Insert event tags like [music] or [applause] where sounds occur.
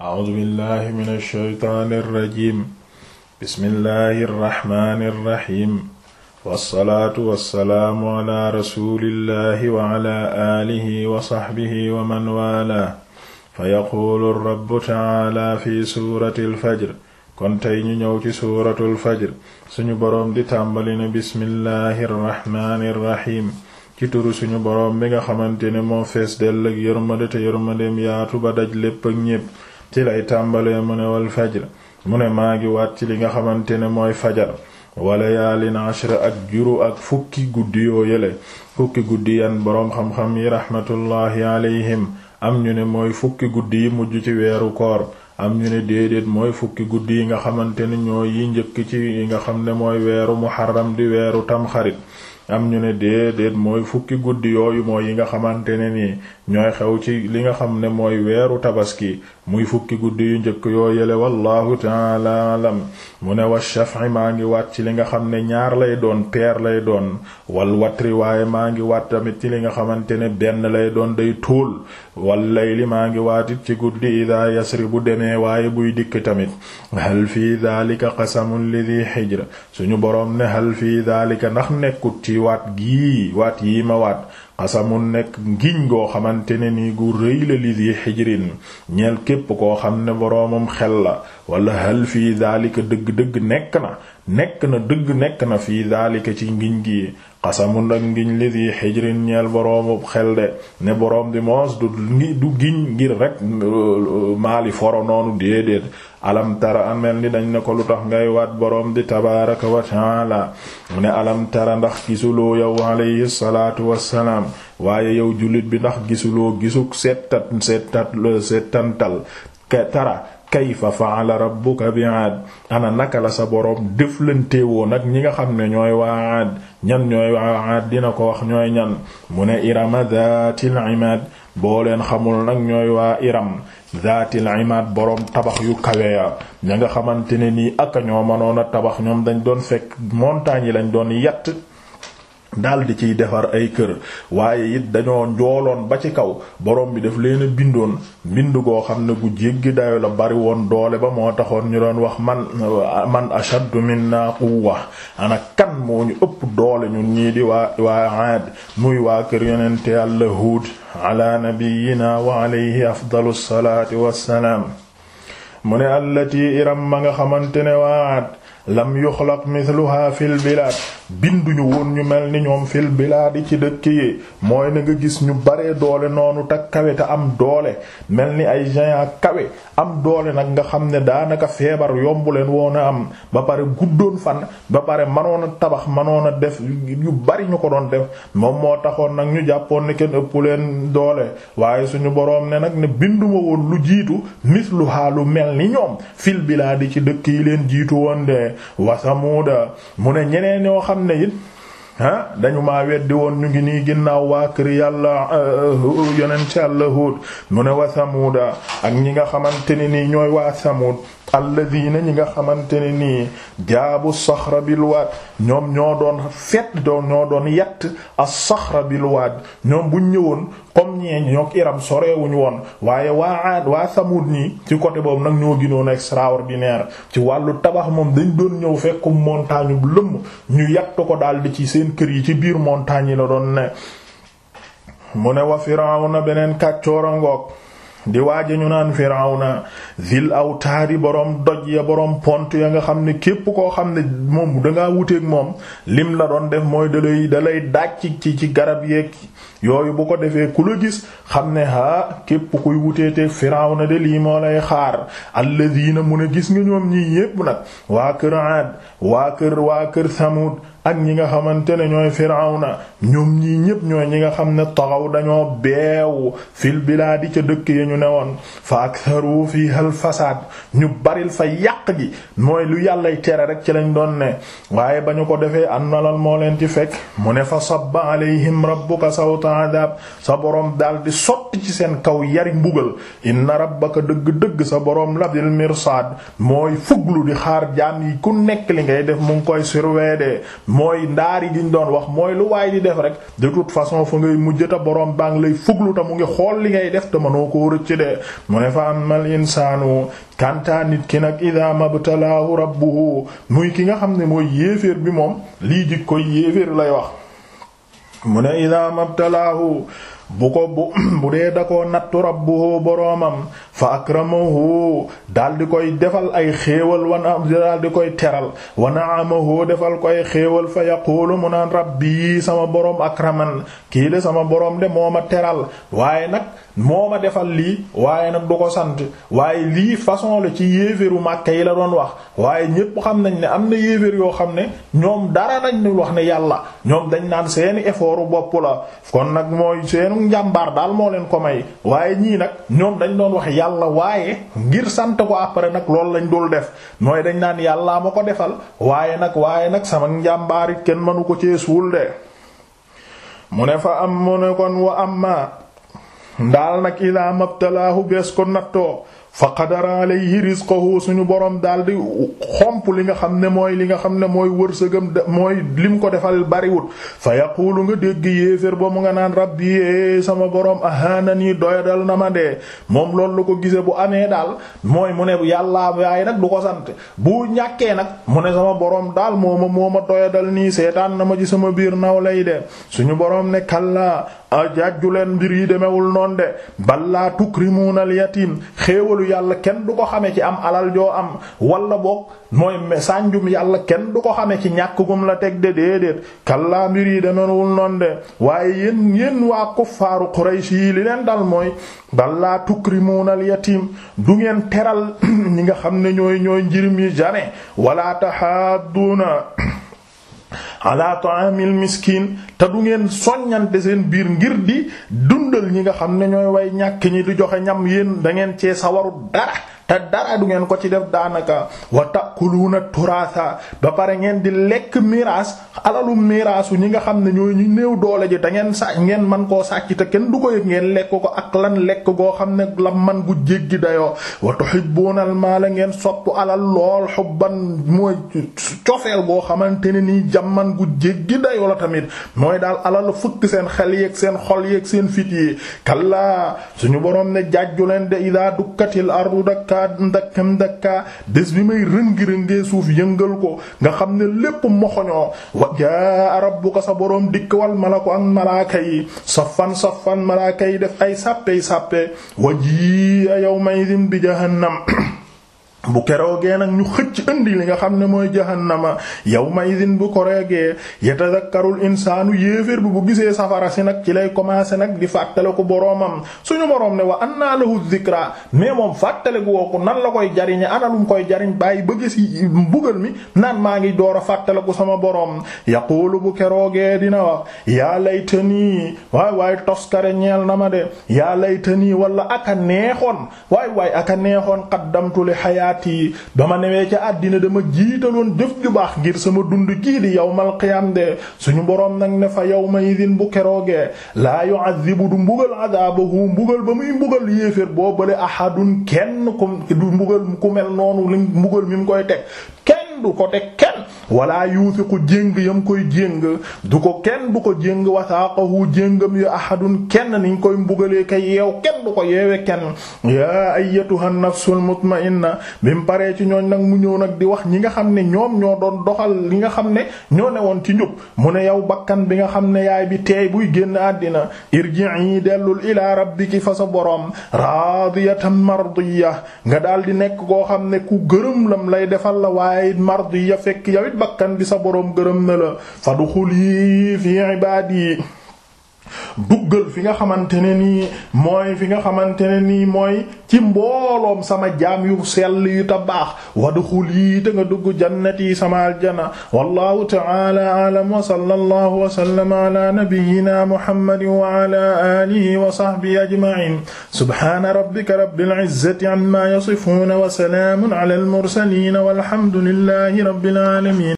a'uuzu billahi min alsheytaan alrajim bismillahi arrahmani irrahim wassalaatu wassalaamu ala rasulillahi wa ala alihi wa saxbihi wa man waalaa fa yaquulu rabbu taala fi suurati alfajr kon tey ñu ñëw ci suuratu alfajr suñu boroom di tàmbali na bismillahi arrahmani irrahim ci turu suñu boroom bi nga xamante ne moo fees dell ak yërmande te yërmandeem yaatu ba daj lépp ak ñépp ci lay tàmbalee mu ne wal fajr mu ne maa ngi waat ci li nga xamante ne mooy fajar wala yaalin ashra ak juru ak fukki guddi yoo yële fukki guddi yan boroom xam-xam yi rahmatullahi alayhim am ñu ne mooy fukki guddi yi mujj ci weeru koor am ñu ne déedéet mooy fukki guddi yi nga xamante ne ñoo yi njëkk ci yi nga xam ne mooy weeru muharram di weeru tamxarit am ñu ne déedéet mooy fukki guddi yooyu mooy yi nga xamante ne nii ñooy xew ci li nga xam ne mooy weeru tabaski muy fukki guddi yu njëkk yoo yele wallahu taala alam mu ne wa shaf'i maa ngi waat ci li nga xam ne ñaar lay doon peer lay doon wal watri waaye maa ngi waat tamit ci li nga xamante ne benn lay doon day tóol wal layli maa ngi waat ci guddi ida yasri bu demee waaye buy dikk tamit hal fii daalika qasamun li di suñu boroom ne hal fii daalika ndax nekkut ci waat gii waat yii ma waat qasamun nekk ngiñ goo xamante ne nii gu rëy la li xijrin ñeel képp koo xam ne boroomam xel la wala hal fii daalika dëgg-dëgg nekk na nekk na dëgg nekk na fii daalika ci ngiñ gi qasamun ak ngiñ li di xijrin ñeel boroomam xel de ne boroom di moos du du ngiñ ngir rek euh, maali foro noonu déedéet alam tara amel ni dañ ne ko lu tax ngay waat boroom di tabaaraka wa taala mu ne alam tara ndax gisuloo yow alayhi salaatu wassalaam waaye yow julit bi ndax gisuloo gisu settat settat settantal tara kayfa fa'ala rabbuka bi'ad ana naka la sa boroom dëflanteewoon ak ñi nga xam ne ñooy waa Aad ñan ñooy waa Aad dina ko wax ñooy ñan mu ne irama daatil imaad boo leen xamul nag ñooy waa iram daatil imaad boroom tabax yu kawe ya ña nga xamante ne nii ak ñoo mënoon a tabax ñoom dañ doon fekk montagne yi lañ doon yatt daal di ciy defar ay kër waaye it dañoo njooloon ba ci kaw borom bi daf leen a bindoon bind goo xam ne gu jéggi dayo la bari woon doole ba moo taxoon ñu doon wax man man ashaddu minna quwwa ana kan moo ñu ëpp doole ñun ñii di waa waa aad muy waa kër yonente yàlla Huud ala nabiyyina wa alayhi afdalu salaati wassalaam mu ne allati iram ma nga xamante ne waa aad lam yuxlaq mithluha fil bilaad binduñu woon ñu mel ni ñoom fil di ci dëkk yi mooy na nga gis ñu baree doole noonu te kawe te am doole mel ni ay géant kawe am doole nag nga xam ne daanaka feebar yombu leen woon a am ba pare guddoon fan ba pare manoon a tabax manoon a def yu bari ñu ko doon def moom moo taxoon nag ñu jàppoon ne kenn ëpp leen doole waaye suñu boroom ne nag ne binduma woon lu jiitu misluha lu mel ni ñoom fil bilaadi ci dëkk yi leen jiitu woon wa samuuda mu ne ñeneen ñoo xam ne it ah dañu ma weddi woon ñu ngi nii ginnaaw waa kër yàlla yonent yàlla Huud mu ne wa ak ñi nga xamante ni nii ñooy waa samuud alladina ñi nga xamante ne nii jaabu saxra bilwaad ñoom ñoo doon fet doon ñoo doon yett a saxra bilwaad ñoom buñ ñëwoon comme ñee ñook iram sorewuñ woon waaye waa aad waa samud ñii ci côté boobu nag ñoo ginoon extraordinaire ci wàllu tabax moom dañ doon ñëw fekkum montagne bu lëmm ñu yett ko daldi ci seen kër yi ci biir montagne yi la doon ne mu ne wa firawna beneen kàccoorangook di waaja ñu naan firawna zil awtaari borom doj ya borom pont ya nga xam ne képp koo xam ne moom danga wuteeg moom lim la doon def mooy dalay dalay dàcc ci ci garab yeeg yooyu bu ko defee ku la gis xam ne haa képp kuy wuteetee Firawna de lii moo lay xaar alladina mun a gis nga ñoom ñii yépp nag waa kër Aad waa kër waa kër Samud ak ñi nga xamante ne ñooy Firawna ñoom ñii ñépp ñooy ñi nga xam ne taxaw dañoo beew fil di ca dëkk ya ñu ne woon fa aktharu fiha al fasaad ñu baril fa yàq gi mooy lu yàllay tere rek ci lañ doon ne waaye ba ñu ko defee am na moo leen ci fekk mu ne fa sabba alayhim rabbuka sawta adab sa boroom daal di sotti ci seen kaw yari mbugal inna rabbaka dëgg-dëgg sa boroom labil mirsad mooy fuglu di xaar jaam yi ku nekk li ngay def mu koy surveiller de mooy ndaar yi diñ doon wax mooy lu waay di def rek de toute façon fa ngay mujjata boroom baa lay fuglu ta mu ngi xool li ngay def te mënoo koo rëcc de mu ne fa amal insaanu kantaa nit ki nag ida mabtalaahu rabbuhu muy ki nga xam ne mooy yéeféer bi moom lii jik koy yéeféer lay mu ne idaa mabtalaahu bu ko bu [clears throat] bu dee da koo nattu rabbuhu boroomam fa daal di koy defal ay xéewal wana daal di koy teral wa naamahu defal ko ay xéewal fa yaqulu mu naan rabbi sama boroom akraman kii de sama boroom de ma teral waaye nag moo defal lii waaye nag du ko sant waaye lii façon la ci yéeféru Makka yi la doon wax waaye ñépp xam nañ ne am na yéefér yoo xam ne ñoom dara nañ ñu wax ne yàlla ñoom dañ naan seeni effort bopp la kon nag mooy seenu njàmbaar daal moo leen ko may waaye ñii nag ñoom dañ doon wax yàlla yàlla waaye ngir sant ko après nag loolu lañ dul def mooy dañ naan yàllaa ma ko defal waaye nag waaye nag sama njàmbaarit kenn mënu ko cee suul de mu ne fa am mu ne kon wa amma ndaal nag ila mabtalaahu bees ko nattoo fa qadara alayhi rizqahu suñu borom daal di xomp li nga xam ne mooy li nga xam ne mooy wërsëgam mooy lim ko defal bariwut fa yaqulu nga dégg yéefér ba mu nga naan rabbi yee eh, sama borom ahanani doyadal na ma dee moom loolu la ko gisee bu amee daal mooy mu ne yàllaa yaay nag du ko sant bu ñàkkee nag mu ne sama boroom daal moo ma moo ma doyadal nii seetaan na ma ci sama biir naw lay de suñu borom ne kallaa a jàjju leen mbir yi demewul noonu noon de bal laa tukrimuuna al yatiim xéewalu yàlla kenn du ko xame ci am alal joo am wala boog mooy sànjum yàlla kenn du ko xame ci ñàkk gum la teg de déedéet kallaa mbir yi demewul noon de waaye yéen yéen waa kuffaaru Quraysh yi li leen dal mooy bal laa tukrimuuna al yatiim du ngeen teral [clears throat] ñi nga xam ne ñooy ñooy njirim yi jamais wala tahaaduna [clears throat] ala ta'amil miskin te du ngeen soññante seen biir ngir di dundal ñi nga xam ne ñooy way ñàkk ñi di joxe ñam yéen da ngeen cee sawaru dara te dara du ngeen ko ci def daanaka wa taquluuna turaasa ba pare ngeen di lekk miraas alalu miraasu ñi nga xam ne ñooy ñu néew doole ji te ngeen sa ngeen man koo sàcc te kenn du ko yëg ngeen lekk ko ak lan lekk goo xam ne la man gu jéggi dayoo wa tuhibbuuna al maala ngeen sopp alal lool xubban mooy cofeel goo xamante ne nii jàmman gu jéggi dayoo la tamit mooy daal alal fukk seen xel yeeg seen xol yeeg seen fit yi kallaa suñu boroom ne jàjju leen de idaa dukkatil ardu dakka ndakkaa ndakkam ndakkaa bés bi may rëngi-rëngee suuf yëngal ko nga xam ne lépp moxoñoo wa jaa rabbuka sa boroom dikk wal malaku ak malaaka yi safan safan malaaka yi def ay sàppe sàppe wa ji a bi jahannam [clears throat] bu keroogee nag ñu xëcc indi li nga xam ne mooy jahannama yawma idin bu koroogee yatadakkarul insaanu yéeféer bi bu gisee safara si nag ci lay commencé nag di ko fàttaliku boroomam suñu boroom ne wa anna lahu dhikra mais moom fàttaliku woo ko nan la koy jariñe analum koy jariñ bàyyi bëgg si mbugal mi nan maa ngi door a fàttaliku sama boroom yaqulu bu keroogee dina wax yaa laytanii waay waaye toskare ñeel na ma de yaa laytanii wala aka aka xayaati ba ma newee ca àddina dama jiitaloon jëf ju baax ngir sama dund gii di yawmal qiyaam de suñu boroom nag ne fa yawma idin bu keroogee laa yu'adhibu du mbugal adaabahu mbugal ba muy mbugal yéeféer boo bale ahadun kenn ku du mbugal ku mel noonu li mbugal mi mu koy teg kenn du ko teg kenn wala yuuthiqu jéng yam koy jéng du ko kenn du ko jéng wasaaqahu jéngam yu ahadun kenn niñ koy mbugalee kay yeew kenn du ko yeewe kenn yaa ayyatuha nafsul mutma'inna bi mu paree ci ñooñ nag mu ñëw nag di wax ñi nga xam ne ñoom ñoo doon doxal li nga xam ne ñoo ne woon ci njub mu ne yow bakkan bi nga xam ne yaay bi teey buy génn àddina irji'i dellul ila rabbiki fa sa boroom radiyatan mardiya nga daal di nekk koo xam ne ku gërëm la waaye mardiya fekk yow it bakkan bi sa boroom gërëm na la fadxuli fi ibaadi duggal fi nga xamante ne nii mooy fi nga xamante ne nii mooy ci mbooloom sama jaam yu sell yu ta baax wadxul yi te nga dugg jannati sama aljana wallahu ta'ala a'lam wa sallallahu wa sallama ala nabiyyina muhammadin wa ala alihi wa sahbihi ajma'in subhana rabbika rabbil izzati amma yasifun wa salamun ala al mursalin walhamdulillahi rabbil alamin